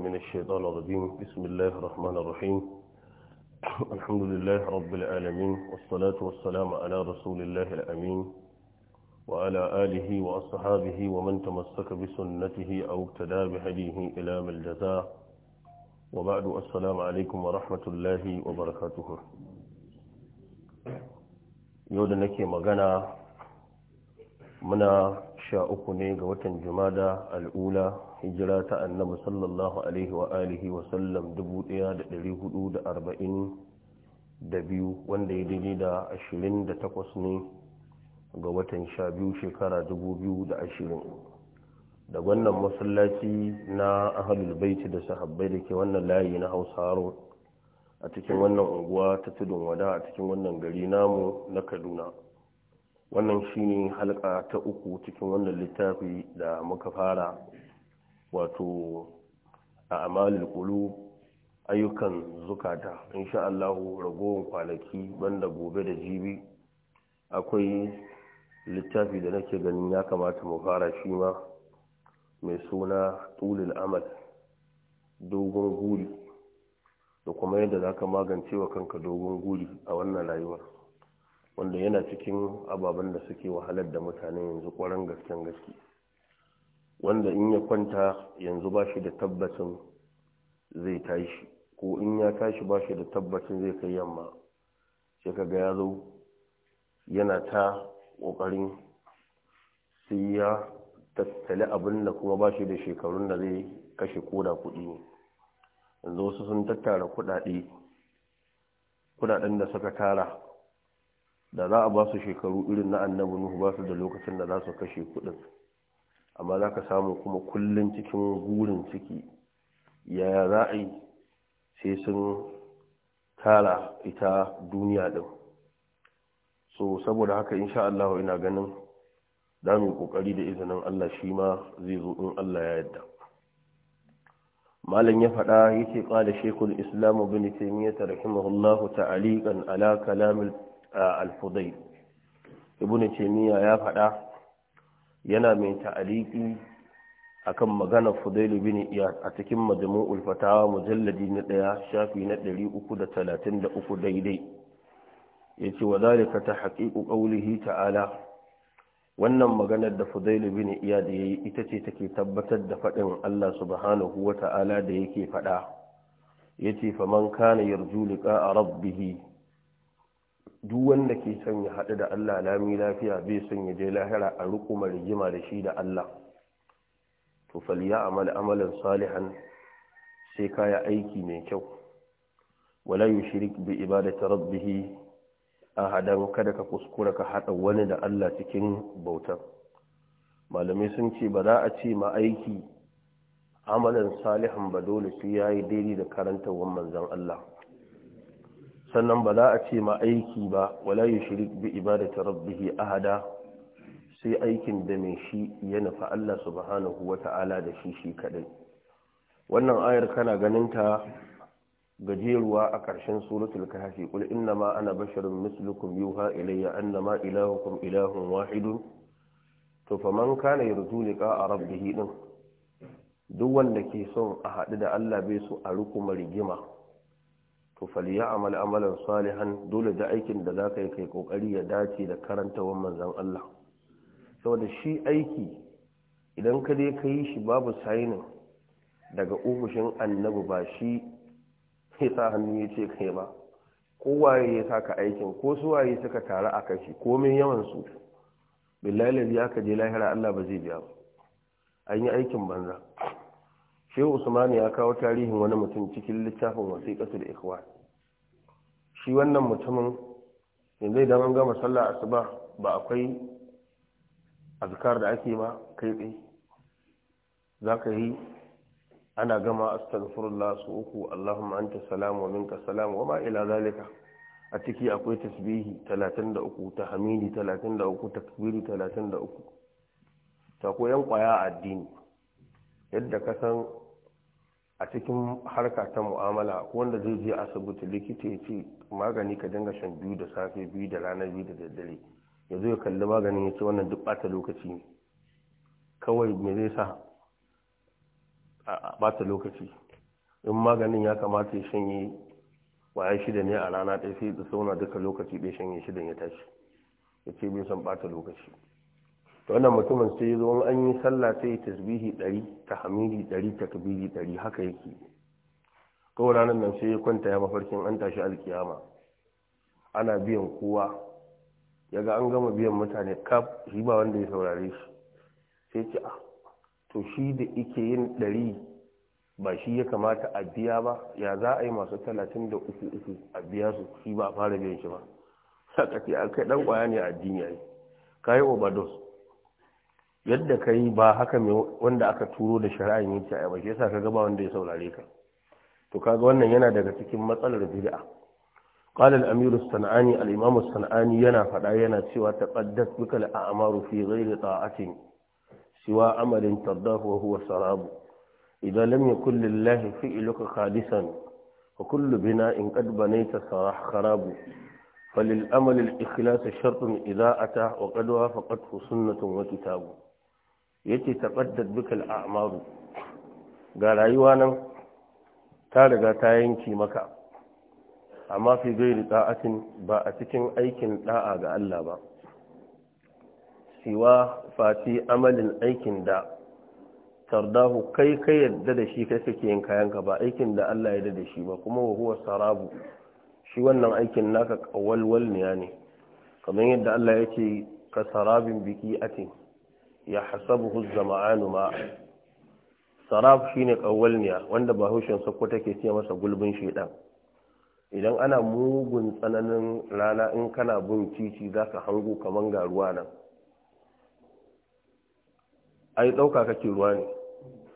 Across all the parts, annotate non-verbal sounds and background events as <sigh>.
من الشيطان الرجيم بسم الله الرحمن الرحيم <clears throat> الحمد لله رب العالمين والصلاة والسلام على رسول الله الأمين وعلى آله وأصحابه ومن تمسك بسنته أو اقتدى بهديه إلى الجزاء وبعد السلام عليكم ورحمة الله وبركاته يود نكي مغانا منا شاء أكني جمادة الأولى hijira ta annabi sallallahu alaihi wa alihi wa sallam 1442 wanda ya daidai da 28 ne ga watan 12 shekara 2020 da wannan masallaci na ahlul baiti da sahabbai da ke wannan layi na hausaro a cikin wannan unguwa ta tudun wada a cikin wannan gari namu na kaduna wannan shine halka ta uku cikin wannan littafi da muka fara wato a amalin kulu ayyukan zukata insha Allah ragowar kwanaki banda gobe da jibi akwai littafi da nake ganin ya kamata mu fara shi ma mai suna tulil amal dogon guri da kuma yadda za ka magance wa kanka dogon guri a wannan rayuwar wanda yana cikin ababen da suke wahalar da mutane yanzu kwaran gasken gaske wanda in ya kwanta yanzu ba shi da tabbacin zai tashi ko in ya tashi ba shi da tabbacin zai kai yamma sai kaga ya zo yana ta ƙoƙarin sai ya tattali abin kuma ba shi da shekarun da zai kashe koda kuɗi ne yanzu wasu sun tattara kuɗaɗe kuɗaɗen da suka tara da za a ba su shekaru irin na annabi nuhu ba su da lokacin da za su kashe kuɗin amma za ka samu kuma kullum cikin gurin ciki yaya za a yi sai sun tara ita duniya ɗin so saboda haka insha Allah ina ganin za mu kokari da izinin Allah shi ma zai zo in Allah ya yadda. malam ya faɗa yake ƙada shekul islam ibn taymiyyah rahimahullahu ta'aliqan ala kalam al-fudayl ibn taymiyyah ya faɗa yana mai ta'aliki a kan magana Fudailu bin Iyad a cikin majamu'ul Fatawa mujalladi na ɗaya, shafi na ɗari uku da da talatin uku daidai ya ce wa ta haƙi ƙaulihi ta'ala wannan maganar da Fudailu bin Iyad yi ita ce take tabbatar da faɗin Allah subhanahu ta'ala) da yake faɗa, fada yace faman kana yarju a rabbihi duk wanda ke son ya haɗu da Allah lami lafiya bai son ya je lahira a rukuma rigima da shi da Allah to faliya amal amalan salihan sai kaya aiki mai kyau wala yushrik bi ibadati rabbih ahadan kada ka kuskura ka hada wani da Allah cikin bautar malamai sun ce ba za a ce ma aiki amalan salihan ba dole sai yayi daidai da wannan manzon Allah sannan ba za a ce ma aiki ba wala shirik bi ibadati rabbih ahada sai aikin da mai shi ya nufi Allah subhanahu wata'ala da shi shi kadai wannan ayar kana ganin ta gajeruwa a ƙarshen suratul kahfi qul inna ma ana basharun mislukum yuha ilayya annama ilahukum ilahun wahidun to faman kana yarju liqa rabbih din duk wanda ke son a haɗu da Allah bai su a rukuma rigima to faliya amal amalan salihan dole da aikin da za ka yi kai kokari ya dace da karanta karantawan manzan Allah saboda shi aiki idan ka dai ka yi shi babu sainin daga ofishin annabi ba shi ya sa hannu ya ce kai ba ko waye ya saka aikin ko su waye suka taru a kashi komai yawan su billahi lalzi aka je lahira Allah ba zai biya ba an yi aikin banza shehu usman ya kawo tarihin wani mutum cikin littafin wasiƙatul ikhwan shi wannan mutumin yanzu idan an gama sallah asuba ba akwai azkar da ake ba kai tsaye za ka yi ana gama astagfirullah su uku allahumma anta salam wa minka salam wa ma ila zalika a ciki akwai tasbihi 33 hamidi 33 takbiri 33 ta koyan kwaya a addini yadda ka san a cikin harka ta mu'amala wanda zai je asibiti likita ya ce magani ka dinga shan biyu da safe biyu da rana biyu da daddare ya zo ya kalli maganin ya ce wannan duk bata lokaci ne kawai me zai sa a bata lokaci in maganin ya kamata ya shanye waya shida ne a rana ɗaya sai da sauna duka lokaci ɗaya shanye shidan ya tashi ya ce bai son bata lokaci to wannan mutumin sai ya zo an yi sallah sai tasbihi ɗari ta hamidi ɗari ta kabiri ɗari haka yake ko ranar nan sai ya kwanta ya mafarkin an tashi alkiyama ana biyan kowa yaga an gama biyan mutane kaf shi ba wanda ya saurare shi sai ce a ah, to shi da ike yin ɗari ba shi ya kamata a biya ba ya za a yi masu talatin da uku uku a biya su shi ba a fara biyan shi ba saka ce a ah, kai dan kwaya ne a addini ai ka yi overdose yadda ka yi ba haka mai wanda aka turo da shari'a ta a ba shi yasa ka gaba wanda ya saurare ka to kaga wannan yana daga cikin matsalar bid'a قال الأمير الصنعاني الإمام الصنعاني ينا فدا ينا سوى تقدس بك الأعمار في غير طاعة سوى عمل ترضاه وهو سراب إذا لم يكن لله فعلك خالصا وكل بناء قد بنيت صراح خراب فللأمل الإخلاص شرط إذا أتى وقد وافقته سنة وكتاب يتي تقدد بك الأعمار قال أيوانا ta riga ta yanki maka amma fi gairi da'atin ba a cikin aikin da'a ga Allah ba siwa fati amalin aikin da tardahu kai kai yadda da shi kai kake yin kayanka ba aikin da Allah ya da shi ba kuma wa huwa sarabu shi wannan aikin naka kawalwal ne ne kamar yadda Allah ya ce ka sarabin biki ati ya hasabuhu zama'anu ma'a sarab shine kawalniya wanda bahaushen sako take siya masa gulbin shedan idan ana mugun tsananin rana in kana bin titi za ka hango kaman ga ruwa nan ai ɗauka kake ruwa ne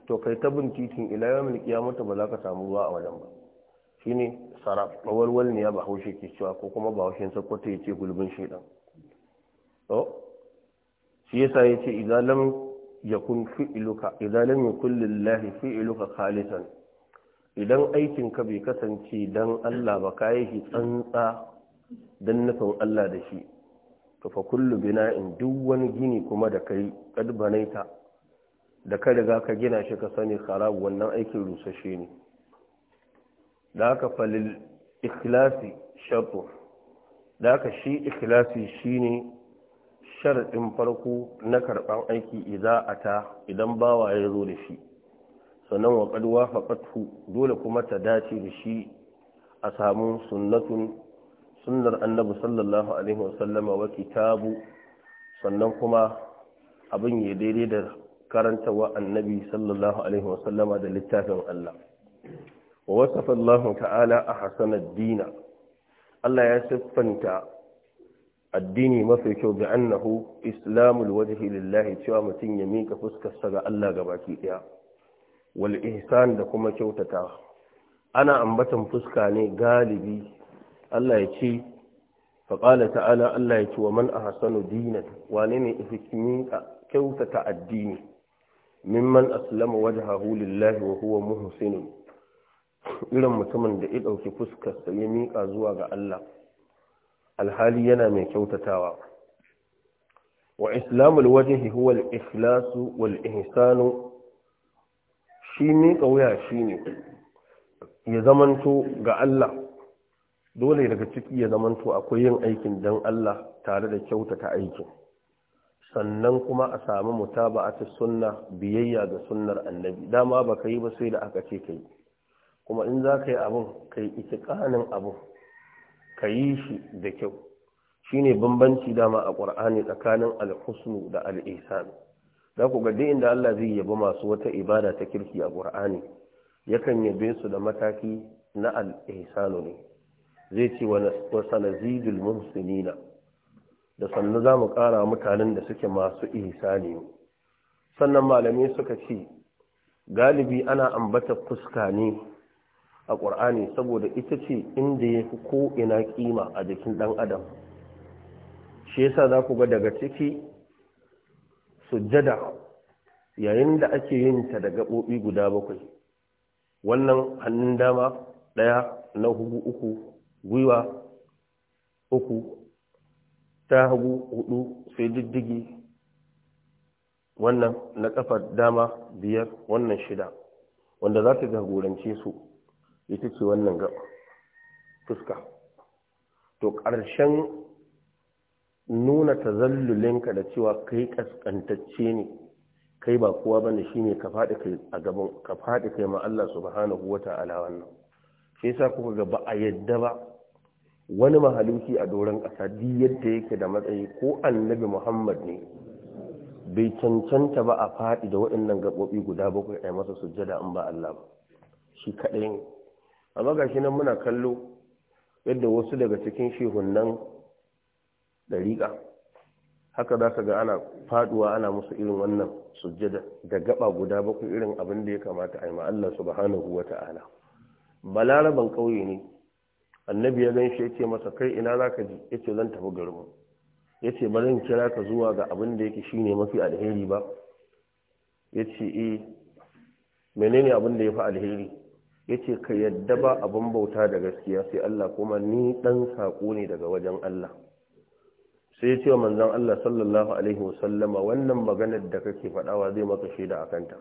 to kai ta bin titin ila yawon kiyamata ba za ka samu ruwa a wajen ba shine sarab kawalwal ne ya bahaushe ke cewa ko kuma bahaushen ko ta ce gulbin shedan to shi yasa yace idan lam yakun fi'luka idan lam yakun lillahi fi'luka khalisan idan aikin ka bai kasance dan Allah ba kai shi tsantsa dan nufin Allah da shi to fa kullu bina'in duk wani gini kuma da kai ƙadbanaita. da ka riga ka gina shi ka sani kharab wannan aikin rusashe ne da haka falil ikhlasi shartu da ka shi ikhlasi shine sharaɗin farko na karɓar aiki a ta idan bawa ya zo da shi sannan wa qad wafaqathu dole kuma ta dace da shi a samu sunnatun sunnar annabi sallallahu alaihi wasallama wa kitabu sannan kuma abin ya daidai da karantawa annabi sallallahu alaihi wasallama da littafin Allah wa wasafa Allah ta'ala a hasanar dina Allah ya siffanta addini mafi kyau bi annahu islamul waje lillahi cewa mutum ya mika fuskarsa ga Allah baki ɗaya wal ihsan da kuma kyautata ana ambatan fuska ne galibi Allah ya ce faƙala ta'ala Allah ya ce wa man ahsanu dinan wane ne ifikini kyautata addini mimman aslama wajhahu lillahi wa huwa muhsinun irin mutumin da ya ɗauki fuskarsa ya mika zuwa ga Allah alhali yana mai kyautatawa wa islamul wajhi huwa al-ikhlasu wal ihsanu shi ne ya zamanto ga Allah dole daga ciki ya zamanto akwai yin aikin dan Allah tare da kyautata aikin sannan kuma a samu mutaba'atu sunna biyayya ga sunnar annabi dama baka yi ba sai da aka ce yi. kuma in za ka yi abun kai itiqanin abun ka yi shi da kyau Shi ne bambanci dama a ƙur'ani tsakanin alhusnu da al'isan za ku gaɗe inda Allah zai yabi masu wata ibada ta kirki a ƙur'ani yakan yabe su da mataki na al'isanu ne zai ce wa sanazidul musulina da sannu za mu ƙara mutanen da suke masu ihsani sannan malamai suka ce galibi ana ambata fuska ne a ƙur'ani saboda ita ce inda ya fi ko'ina ƙima a jikin ɗan adam shi yasa za ku ga daga ciki sujjada yayin da ake yin ta da gaɓoɓi guda bakwai wannan hannun dama ɗaya na hugu uku gwiwa uku ta hagu hudu sai diddigi wannan na ƙafar dama biyar wannan shida wanda za ta jagorance su ita ce wannan ga fuska to ƙarshen nuna ta tazallulinka da cewa kai kaskantacce ne kai ba kowa bane shine ka faɗi kai a gaban ka faɗi kai ma Allah subhanahu wata'ala wannan shi yasa kuka ga ba a yadda ba wani mahaluki a doron ƙasa di yadda yake da matsayi ko annabi Muhammad ne bai cancanta ba a faɗi da waɗannan gaɓoɓi guda bakwai a masa sujjada in ba Allah ba shi kaɗai ne amma ga shi nan muna kallo yadda wasu daga cikin shehunan dariƙa haka za ka ga ana faduwa ana musu irin wannan sujjada da gaba guda bakwai irin abin da ya kamata a yi ma Allah subhanahu wa ta'ala balaraban ƙauye ne annabi ya gan shi ya ce masa kai ina za ka ji ya zan tafi garin ya ce ba zan kira ka zuwa ga abin da yake shine mafi alheri ba ya ce eh menene abin da ya fi alheri ya ce ka yadda ba abin bauta da gaskiya sai Allah kuma ni ɗan saƙo ne daga wajen Allah sai ya ce wa manzan Allah sallallahu Alaihi wasallama wannan maganar da kake faɗawa zai maka shaida a kanta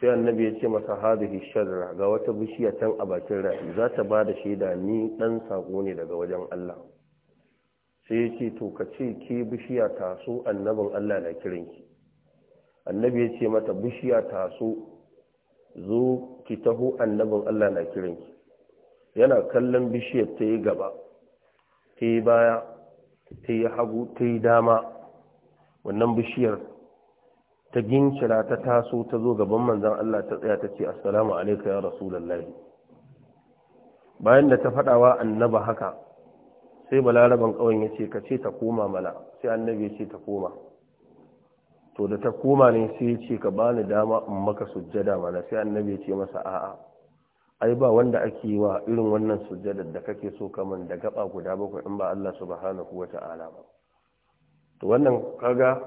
sai annabi ya ce masa hadhihi sharra ga wata bishiya can a bakin rafi za ta ba da shaida ni ɗan saƙo ne daga wajen Allah sai ya ce to ka ce ke bishiya taso annabin Allah na kiranki annabi ya ce mata bishiya taso zo ki taho annabin Allah na kiranki yana kallon bishiyar ta yi gaba ta yi baya ta yi hagu ta yi dama wannan bishiyar ta gincira ta taso ta zo gaban manzan Allah ta tsaya ta ce assalamu alaika ya rasulullahi bayan da ta fadawa annaba haka sai balaraban kawai ya ce ka ce ta koma mala sai annabi ya ce ta koma to da ta koma ne sai ya ce ka bani dama in maka sujjada mana sai annabi ya ce masa a'a ai ba wanda ake yi wa irin wannan sujjadar da kake so kaman da gaba guda bakwai in ba Allah subhanahu wata'ala ba to wannan kaga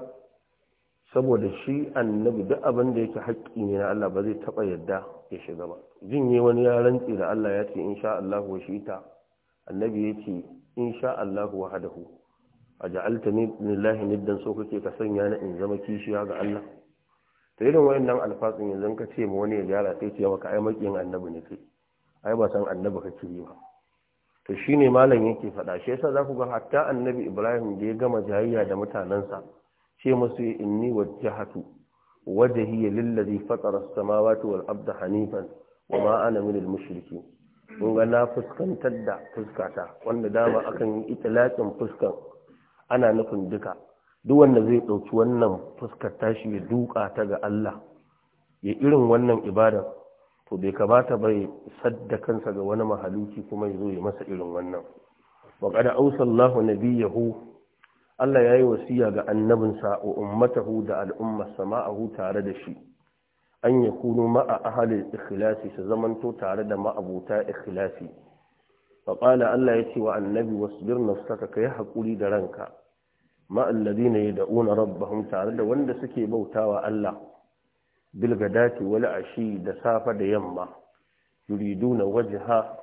saboda shi annabi duk abin da yake haƙƙi ne na Allah ba zai taba yadda ya shiga ba jin yi wani ya rantse da Allah ya ce insha Allah wa shi ta annabi ya ce insha Allah wahadahu a ja'alta ni lillahi niddan so kake ka sanya na in zama kishiya ga Allah to irin wayannan alfatsin yanzu ka ce ma wani ya gyara yi ce maka ai makiyin annabi ne kai ai ba san annabi kake yi ba to shine malam yake faɗa shi yasa za ku ga hatta annabi Ibrahim da ya gama jayayya da mutanansa ce musu inni wajjahatu wajhi lillazi fatara as-samawati wal abda hanifan wa ma ana min al-mushrikeen ga na fuskantar da fuskata wanda dama akan yi itlaqin fuskan ana nufin duka duk wanda zai ɗauki wannan fuskar tashi ya duka ta ga Allah ya irin wannan ibada to bai kamata bai sadda kansa ga wani mahaluki kuma ya zo ya masa irin wannan wa qad awsallahu nabiyahu Allah yayi wasiya ga annabinsa wa ummatahu da al'ummar sama'ahu tare da shi an yakunu ma'a ahli ikhlasi su zamanto tare da ma'abuta ikhlasi faƙala Allah ya ce wa annabi wasbir nafsaka kai haƙuri da ranka ma na yad'una rabbahum tare da wanda suke bautawa Allah bil gadati ashi da safa da yamma na wajha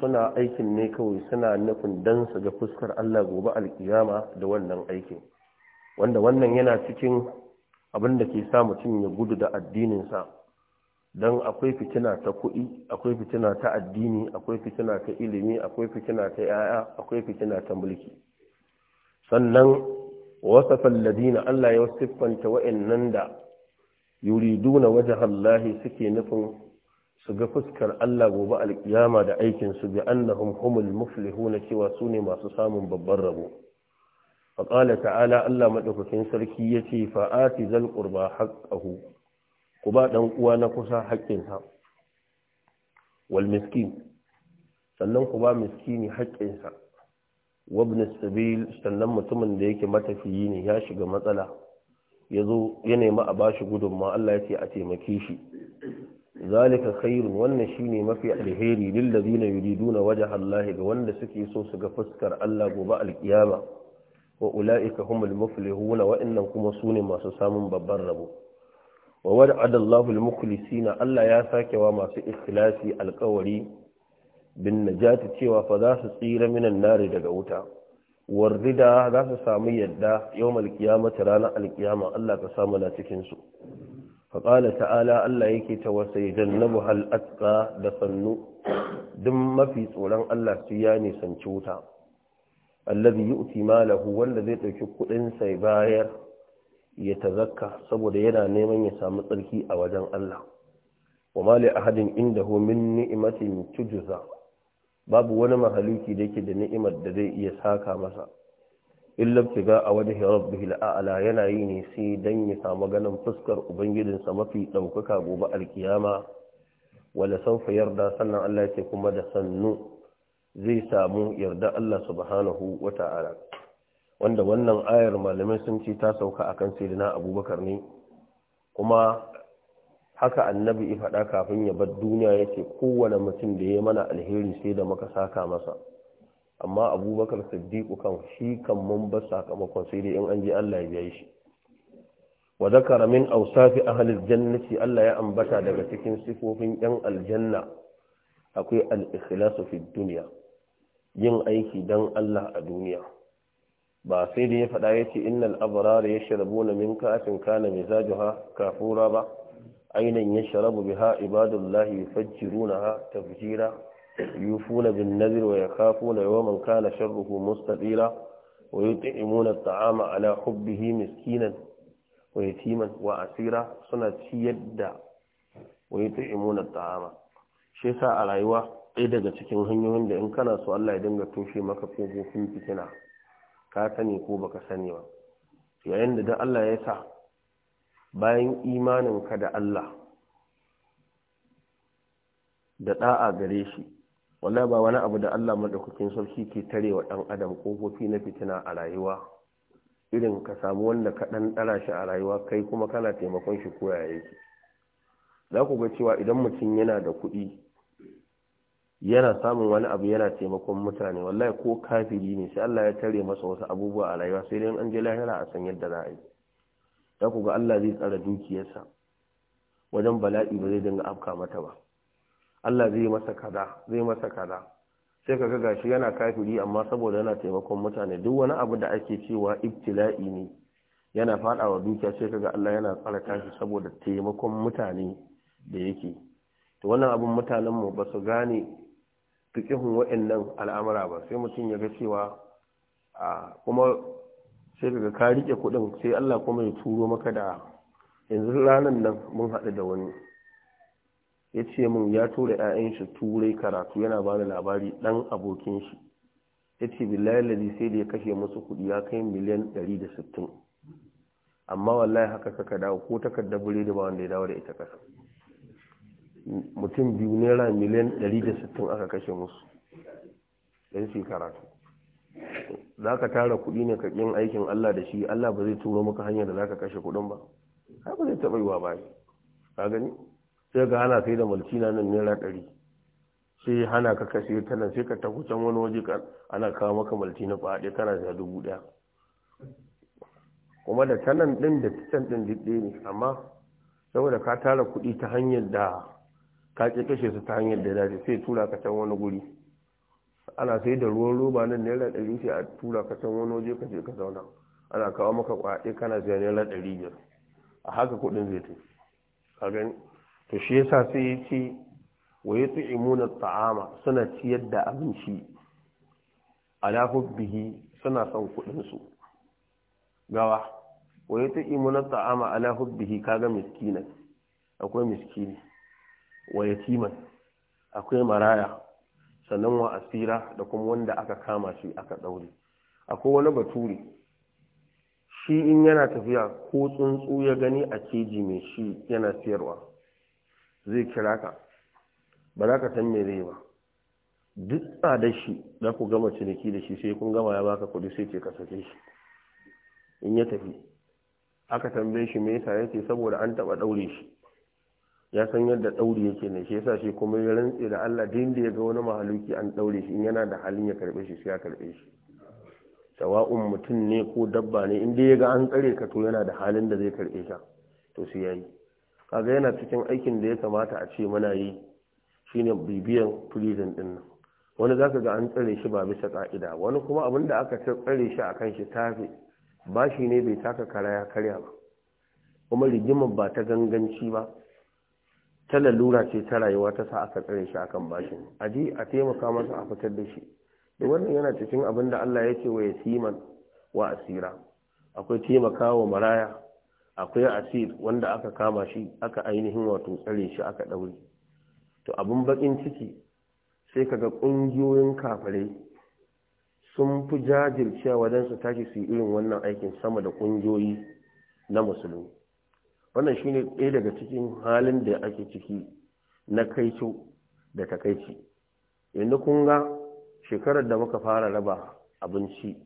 suna aikin ne kawai suna nufin dansa ga fuskar Allah gobe alkiyama da wannan aikin wanda wannan yana cikin abin da ke sa mutum ya gudu da addininsa don akwai fitina ta kuɗi akwai fitina ta addini akwai fitina ta ilimi akwai fitina ta yaya akwai fitina ta mulki sannan wasa falladina Allah ya siffanta wa'annan da yuriduna wajen Allahi suke nufin su ga fuskar Allah gobe alkiyama da aikin su bi annahum humul muflihuna cewa su masu samun babban rabo ta'ala allah الله sarki سركي يتي فآتي zal qurba haqqahu ku ba ɗan uwa na kusa haƙƙinsa wal miskin sannan ku ba miskini haƙƙinsa wabnis sabil sannan mutumin da yake matafiyi ne ya shiga matsala ya zo ya nemi a bashi gudunma Allah ya ce a taimake shi zalika khairun wannan shine mafi alheri lil ladina yuriduna wajha Allah ga wanda suke so su ga fuskar Allah gobe alkiyama wa ulaika humul muflihuna wa innakum kuma sune masu samun babban rabo wa wada'ada Allahu al-mukhlisina Allah ya sake wa masu ikhlasi alƙawari bin najati cewa fa za su tsira minan nari daga wuta warrida za su samu yadda yau qiyamati ranar alkiyama Allah ka samu na cikinsu. su ta'ala Allah yake ta wasa wasayajannabu hal atqa da sannu duk mafi tsoron Allah su ya nisanci wuta allazi yu'ti malahu wanda zai dauki kudin sai bayar ya tazakka saboda yana neman ya samu tsarki a wajen Allah wa li ahadin inda hu min ni'matin tujza babu wani mahaluki da yake da ni'imar da zai iya saka masa illa tiga a wajhi rabbihil a'la yana yi ne sai dan ya samu ganin fuskar sa mafi daukaka gobe alkiyama wala sawfa yarda sannan Allah yake kuma da sannu zai samu yarda Allah subhanahu wata'ala wanda wannan ayar malamai sun ce ta sauka a kan sayyidina abubakar ne kuma haka annabi ya faɗa kafin ya bar duniya ya ce kowane mutum da ya mana alheri sai da muka saka masa amma abubakar siddiqu kan shi kan mun bar sakamakon sai da in an ji Allah ya biya shi wa zakara min awsafi ahli aljannati Allah ya ambata daga cikin sifofin yan aljanna akwai al-ikhlasu fid dunya yin aiki dan Allah a duniya ba sai da ya faɗa ya ce ya abrar yashrabuna min kafin kana ha kafura ba ainan yashrabu biha ibadullahi ha tafjira yufuna bin nadhr wa yakhafuna yawman kana sharruhu mustatira wa yut'imuna at'ama ala hubbihi miskinan wa yatiman wa asira suna ciyar da wa yut'imuna at'ama shi yasa a rayuwa ɗaya daga cikin hanyoyin da in kana so Allah ya dinga toshe maka kofofin fitina ka sani ko baka sani ba yayin da dan Allah ya sa bayan imanin ka da Allah da da'a gare shi wallahi ba wani abu da Allah madaukakin sarki ke tarewa dan adam kofofi na fitina a rayuwa irin ka samu wanda ka dan dara shi a rayuwa kai kuma kana taimakon shi ko yaya za ku ga cewa idan mutum yana da kuɗi yana samun wani abu yana taimakon mutane wallahi ko kafiri ne sai Allah ya tare masa wasu abubuwa a rayuwa sai dai an je lahira a san yadda za a yi Da ku ga Allah zai tsara dukiyarsa wajen bala'i ba zai dinga afka mata ba Allah zai masa kaza zai masa kaza sai kaga gashi yana kafiri amma saboda yana taimakon mutane duk wani abu da ake cewa ibtila'i ne yana fadawa dukiya sai kaga Allah yana tsara kashi saboda taimakon mutane da yake to wannan abun mutanen mu ba su gane fiƙihun waɗannan al'amura ba sai mutum ya ga cewa a kuma sai daga ka riƙe kuɗin sai Allah kuma ya turo maka da yanzu ranar nan mun haɗu da wani ya ce min ya tura 'ya'yan shi turai karatu yana ba ni labari ɗan abokin shi ya ce billahi sai da ya kashe musu kuɗi ya kai miliyan ɗari da sittin amma wallahi haka saka dawo ko takardar bure da ba wanda ya dawo da ita kasa mutum biyu naira miliyan 160 aka kashe musu don su karatu za ka tara kuɗi ne ka ƙin aikin Allah da shi Allah ba zai turo maka hanyar da za ka kashe kuɗin ba ba zai taɓa yi wa ba ka gani sai ga hana kai da malcina nan naira ɗari sai hana ka kashe ta nan sai ka tafi can wani waje ana kawo maka malcina na ɗaya kana da dubu ɗaya kuma da tanan ɗin da can ɗin duk ne amma saboda ka tara kuɗi ta hanyar da ka ke kashe su ta hanyar da dace sai tura ka can wani guri ana sai da ruwan roba nan naira ɗari sai a tura ka can wani waje ka je ka zauna ana kawo maka kwaɗe kana siya naira ɗari biyar a haka kuɗin zai tafi ka gani to shi yasa sai ya ce wa ya tu'imuna ta'ama suna ciyar da abinci ala bihi suna son kuɗin su gawa wa ya tu'imuna ta'ama ala bihi kaga miskinan akwai miskinan wa yatiman akwai maraya sannan wa asira da kuma wanda aka kama shi aka daure akwai wani bature shi in yana tafiya ko tsuntsu ya gani a keji mai shi yana siyarwa zai kira ka ba za ka san me zai ba duk da shi za ku gama ciniki da shi sai kun gama ya baka kudi sai ke ka sake shi in ya tafi aka tambaye shi me yasa yake saboda an taba daure shi ya san yadda ɗauri yake ne shi yasa shi kuma ya rantse da Allah din da ya ga wani mahaluki an ɗaure shi in yana da halin ya karɓe shi sai ya karɓe shi sawa'un mutum ne ko dabba ne in dai ya ga an tsare ka to yana da halin da zai karɓe ka to sai yayi kaga yana cikin aikin da ya kamata a ce muna yi shine bibiyan prison din nan wani zaka ga an tsare shi ba bisa ka'ida wani kuma abin da aka tsare shi akan shi tafi ba shi ne bai taka karaya karya ba kuma rigimar ba ta ganganci ba ta lalura ce ta rayuwa ta sa aka tsare shi akan bashin aji a taimaka masa a fitar da shi da wannan yana cikin abin da Allah ya ce wa yasiman wa asira akwai taimaka wa maraya akwai asir wanda aka kama shi aka ainihin wato tsare shi aka ɗauri to abin bakin ciki sai kaga ƙungiyoyin kafare sun fi jajircewa wajen su tashi su yi irin wannan aikin sama da ƙungiyoyi na musulmi wannan shine ɗaya daga cikin halin da ake ciki na kaico da takaici yanzu kun ga shekarar da muka fara raba abinci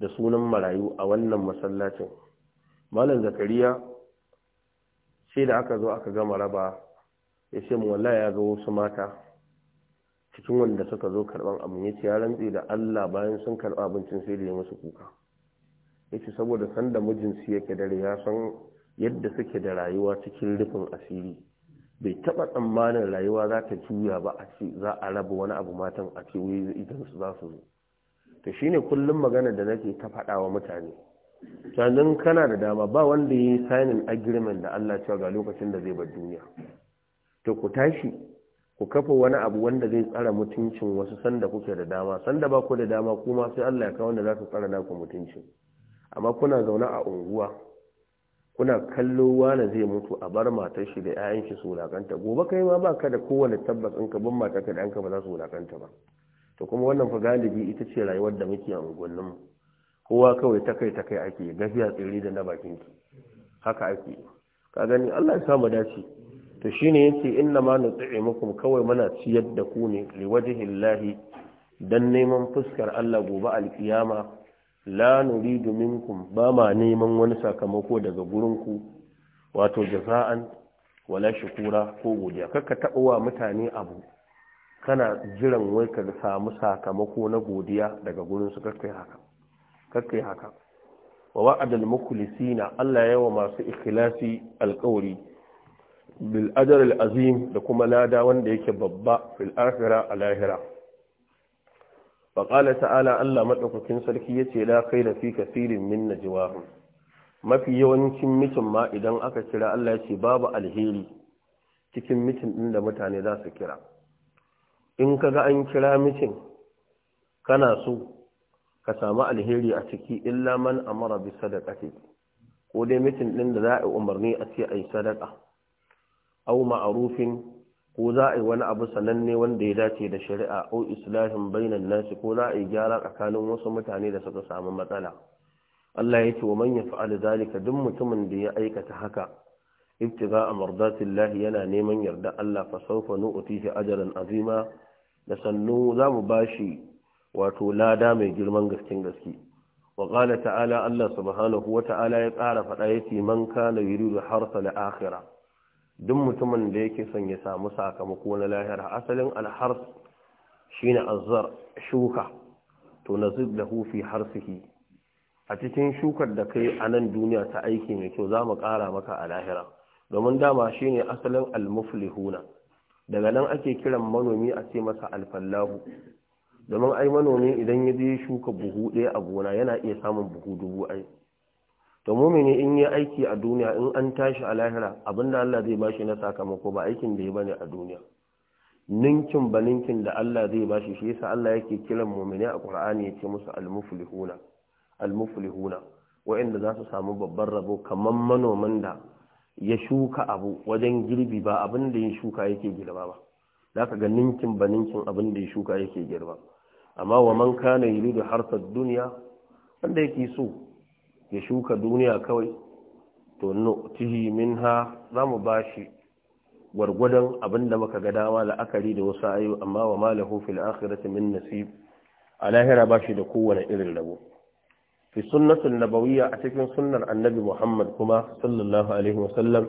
da sunan marayu a wannan masallacin malam zakariya sai da aka zo aka gama raba ya ce wallahi ya ga wasu mata cikin wanda suka zo karban abin ya ce ya rantse da Allah bayan sun karɓa abincin sai da ya musu kuka ya ce saboda sanda mijinsu yake dare ya san yadda suke da rayuwa cikin rufin asiri bai taɓa tsammanin rayuwa za ta juya ba a ce za a raba wani abu matan a ce wai idan su za su zo to shine kullum magana da nake ta faɗa wa mutane sannan kana da dama ba wanda ya yi signing agreement da Allah cewa ga lokacin da zai bar duniya to ku tashi ku kafa wani abu wanda zai tsara mutuncin wasu sanda kuke da dama sanda ba ku da dama kuma sai Allah ya kawo wanda za su tsara naku mutuncin amma kuna zaune a unguwa kuna kallo wani zai mutu a bar matar shi da 'ya'yan shi su wulakanta gobe kai ma baka da kowane tabbas in ka bin matar ka da yanka ba za su wulakanta ba to kuma wannan fa galibi ita ce rayuwar da muke a mu? kowa kawai ta kai ta kai ake gafiya tsiri da na bakin ki haka ake ka gani Allah ya samu dace to shine yace inna ma nut'imukum kawai muna ciyar da ku ne liwajhillahi dan neman fuskar Allah gobe alkiyama la nuridu minkum ba ma neman wani sakamako daga gurinku wato jaza'an wala shukura ko godiya kakka taɓa wa mutane abu kana jiran wai ka samu sakamako na godiya daga gurin su kakkai haka kakkai haka wa wa'adal mukhlisina Allah wa masu ikhlasi alƙawari bil ajr al azim da kuma lada wanda yake babba fil akhirah al faƙala ta'ala Allah maɗaukakin sarki ya ce la kai da fi kasirin min na jiwahun mafi yawancin mitin ma idan aka kira Allah ya ce babu alheri cikin mitin ɗin da mutane za su kira in ka ga an kira mitin kana so ka samu alheri a ciki illa man amara bi sadaqati ko dai mitin ɗin da za a umarni a ce ai sadaka au ma'arufin ko za a yi wani abu sananne wanda ya dace da shari'a au islahin bainan nasi ko za a yi gyara tsakanin wasu mutane da suka samu matsala Allah ya ce wa man yaf'al zalika duk mutumin da ya aikata haka ibtiga mardatillahi yana neman yarda Allah fa sawfa nu'tihi ajran azima da sannu za mu bashi wato lada mai girman gaskin gaske wa qala ta'ala Allah subhanahu wa ta'ala ya ƙara faɗa yace man kana yuridu harsa al-akhirah duk mutumin da yake son ya samu sakamako na lahira asalin alhars shine azzar shuka to nazid lahu fi harsihi a cikin shukar da kai a nan duniya ta aiki mai kyau za mu ƙara maka a lahira domin dama shine asalin almuflihuna daga nan ake kiran manomi a ce masa alfallahu domin ai manomi idan ya je shuka buhu ɗaya a gona yana iya samun buhu dubu ai to mumini in yi aiki a duniya in an tashi a lahira abinda Allah zai bashi na sakamako ba aikin da ya bane a duniya ninkin ba ninkin da Allah zai bashi shi yasa Allah yake kiran mumini a Qur'ani yace musu al-muflihuna al-muflihuna wa'anda za su samu babban rabo kamar manoman da ya shuka abu wajen girbi ba abinda da ya shuka yake girba ba za ka ga ninkin ba ninkin abin ya shuka yake girba amma wa man kana yuridu harsar duniya wanda yake so ya shuka duniya kawai to tihi, min ha? za mu ba shi gwargwadon abin da muka ga dama la'akari da wasu ayu amma wa malahu fil akhirati min nasib a lahira ba shi da kowane irin rabo fi sunnatul nabawiyya a cikin sunnar annabi muhammad kuma sallallahu alaihi wa sallam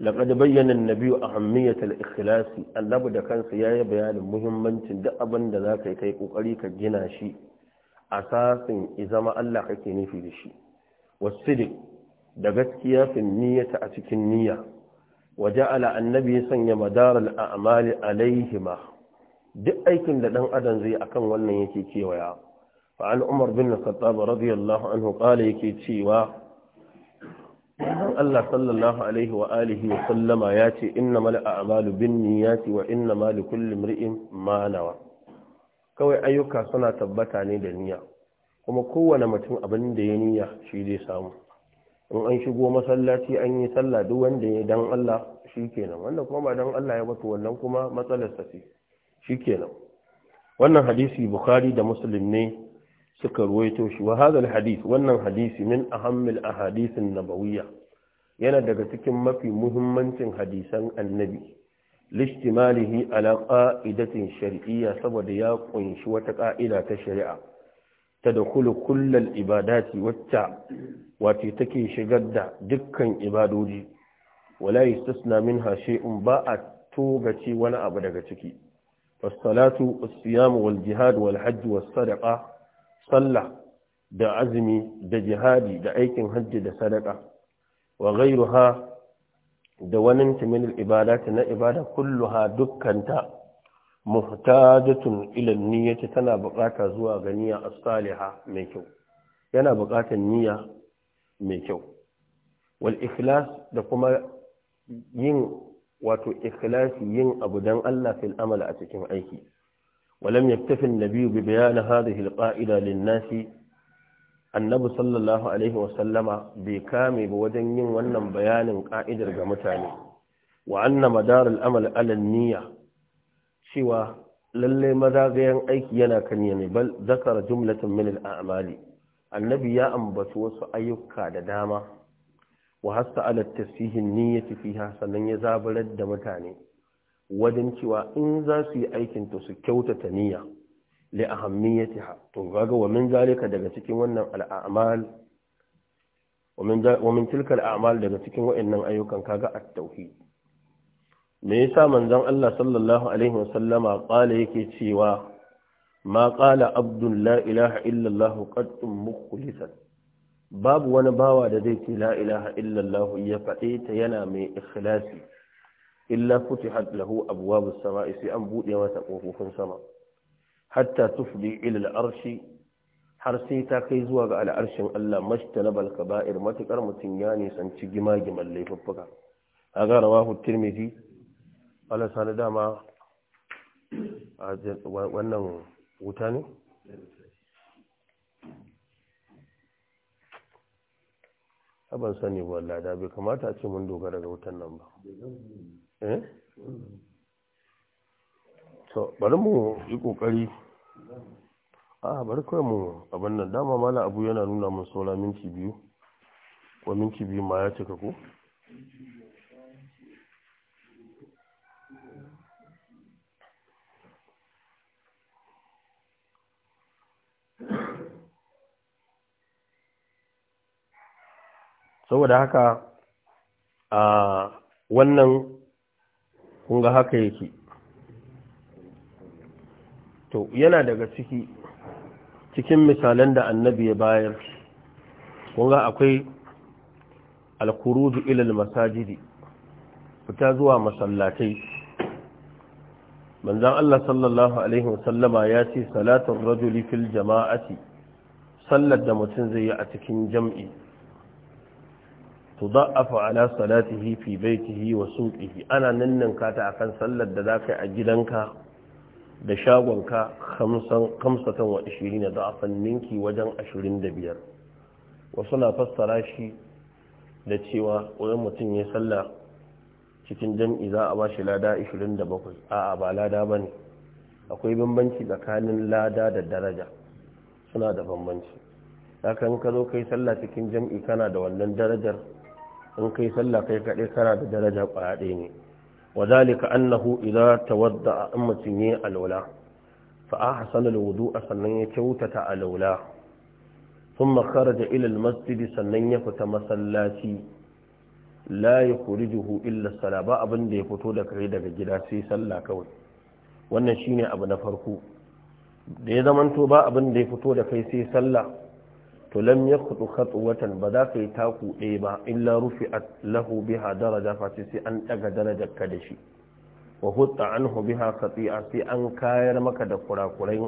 laqad bayyana an ahammiyat al-ikhlas annabi da kansa yayi bayanin muhimmancin duk abin da zaka yi kai kokari ka gina shi asasin izama Allah kake nufi da shi wasidik da gaskiya fin niyyata a cikin niyya waje ala annabi sanya madaral a'mali alaihima duk aikin da dan adam zai akan wannan yake kewaya fa umar bin khattab radiyallahu anhu qala yake cewa Allah sallallahu alaihi wa wa sallama ya ce innamal a'malu binniyati wa innamal likulli imrin ma nawa kawai ayyuka suna tabbata ne da niyya kuma kowane mutum abin da ya niyya shi zai samu in an shigo masallaci an yi sallah duk wanda ya dan Allah shi kenan wannan kuma ba dan Allah ya batu wannan kuma matsalar sa ce shi kenan wannan hadisi bukhari da muslim ne suka ruwaito shi wa hadha hadith wannan hadisi min ahammil ahadith nabawiyya yana daga cikin mafi muhimmancin hadisan annabi lishtimalihi ala qa'idatin shar'iyya saboda ya kunshi wata ka'ida ta shari'a ta da kula kullal ibadati wacce wace take shigar da dukkan ibadoji wala yastasna minha shay'un ba a togace wani abu daga ciki fasalatu as-siyam wal jihad wal hajj was sallah da azumi da jihadi da aikin hajji da sadaqa wa ghayruha da wani min al na ibada kulluha dukkanta muhtajatun ila niyyati tana bukata zuwa ga niyya as-saliha mai kyau yana bukatar niyya mai kyau wal ikhlas da kuma yin wato ikhlasi yin abu dan Allah fil amal a cikin aiki ولم يكتفي النبي ببيان هذه القائلة للناس annabi sallallahu alaihi wasallama bai kame ba wajen yin wannan bayanin ka'idar ga mutane wa anna madarar al'amal ala niyya cewa lalle mazagayen aiki yana kan mai bal zakara jumlatin min al'amali annabi ya ambaci wasu ayyuka da dama wa hasta ala tasihin niyyati fiha sannan ya zabarar da mutane wajen cewa in za su yi aikin to su kyautata niyya li ahammiyatiha to kaga wa min zalika daga cikin wannan al'amal wa min tilka al'amal daga cikin wa'annan ayyukan kaga at-tauhid me yasa manzon Allah sallallahu alaihi wasallama qala yake cewa ma qala abdun la ilaha illa Allah qaddum mukhlisan babu wani bawa da zai ce la ilaha illa Allah ya faɗe ta yana mai ikhlasi illa futihat lahu abwabus sama'i sai an bude masa kofofin sama hatta tufdi ila al-arshi har sai ta kai zuwa ga al'arshin Allah mashtalabal kaba'ir matukar mutum ya nisanci gima-giman laifuffuka a ga rawahu tirmidhi alasa sani dama a wannan wuta ne ban sani ba lada bai kamata ce mun dogara ga wutan nan ba eh so bari mu yi kokari a bari kawai mu abin nan dama mala abu yana nuna mun saura minti biyu ko minti biyu ma ya cika ko saboda haka a wannan kunga haka yake to yana daga ciki cikin misalan da annabi ya bayar kunga akwai alkuruzu ilal masajidi fita zuwa masallatai manzan Allah sallallahu Alaihi wasallama ya ce salatun rajuli fil jama'ati sallar da mutum zai yi a cikin jam'i تضعف على صلاته في بيته وسوقه أنا ننن كاتا أكن صلى دذاك أجدنك دشاغنك خمسة, خمسة وعشرين ضعفا منك وجن أشرين دبير وصنا فسراشي da cewa wani mutum ya sallah cikin jam'i za a ba shi lada 27 a'a ba lada ba ne akwai bambanci tsakanin lada da daraja suna da bambanci kan ka zo kai sallah cikin jam'i kana da wannan darajar in kai sallah kai kaɗai kana da daraja ƙwaya ɗaya ne wa zalika annahu idza tawadda in mutum yi alwala fa ahsana a sannan ya kyautata alwala thumma da ilil almasjid sannan ya fita masallaci la yukhrijuhu illa as-sala ba abin da ya fito da kai daga gida sai sallah kawai wannan shine abu na farko da ya zamanto ba abin da ya fito da kai sai sallah to lam yakhdu watan, ba za ka yi taku ɗaya ba illa rufi'at lahu biha daraja fa sai an daga darajar ka da shi wa hutta anhu biha a, sai an kayar maka da kurakurai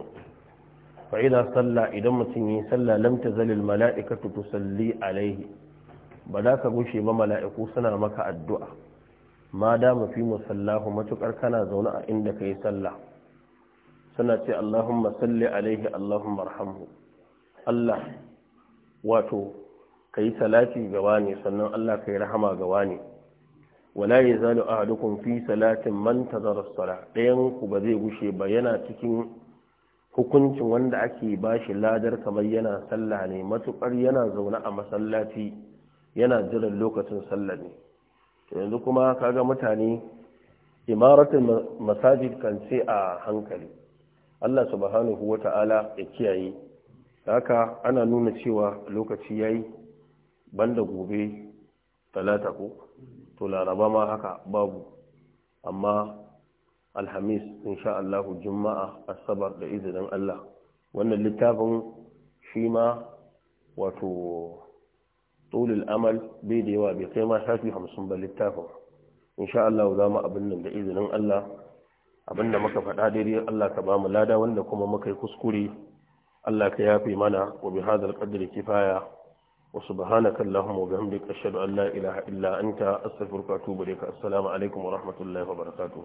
fa ina salla idan mutum yi salla lamta zalil, mala'ika mala'ikatu tusalli alaihi ba za ka gushe ba mala'iku suna maka addu'a ma mu fi musallahu matukar kana zaune a inda kayi sallah suna ce Allahumma salli alaihi Allahumma arhamhu Allah wato ka yi salati ga ne sannan Allah ka yi rahama ga ne wala ya zalu ahadukum fi salatin man tazara sala ɗayan ku ba zai gushe ba yana cikin hukuncin wanda ake ba shi ladar kamar yana sallah ne matuƙar yana zaune a masallaci yana jiran lokacin sallah ne yanzu kuma kaga mutane imaratul masajid kan sai a hankali Allah subhanahu wata'ala ya kiyaye haka ana nuna cewa lokaci ya yi banda gobe talata ko to laraba ma haka babu amma alhamis insha Allahu juma'a asabar da izinin Allah wannan littafin shi ma wato tulul amal bai da yawa bai kai ma shafi hamsin ba littafin insha Allah za mu abin nan da izinin Allah abin da muka faɗa daidai Allah ka ba mu lada wanda kuma muka yi kuskure Allah ka yafe mana wa bi hadal qadri kifaya wa subhanaka allahumma wa bihamdika ashhadu Allah la ilaha illa anta astaghfiruka wa atubu ilaik assalamu alaikum wa rahmatullahi wa barakatu.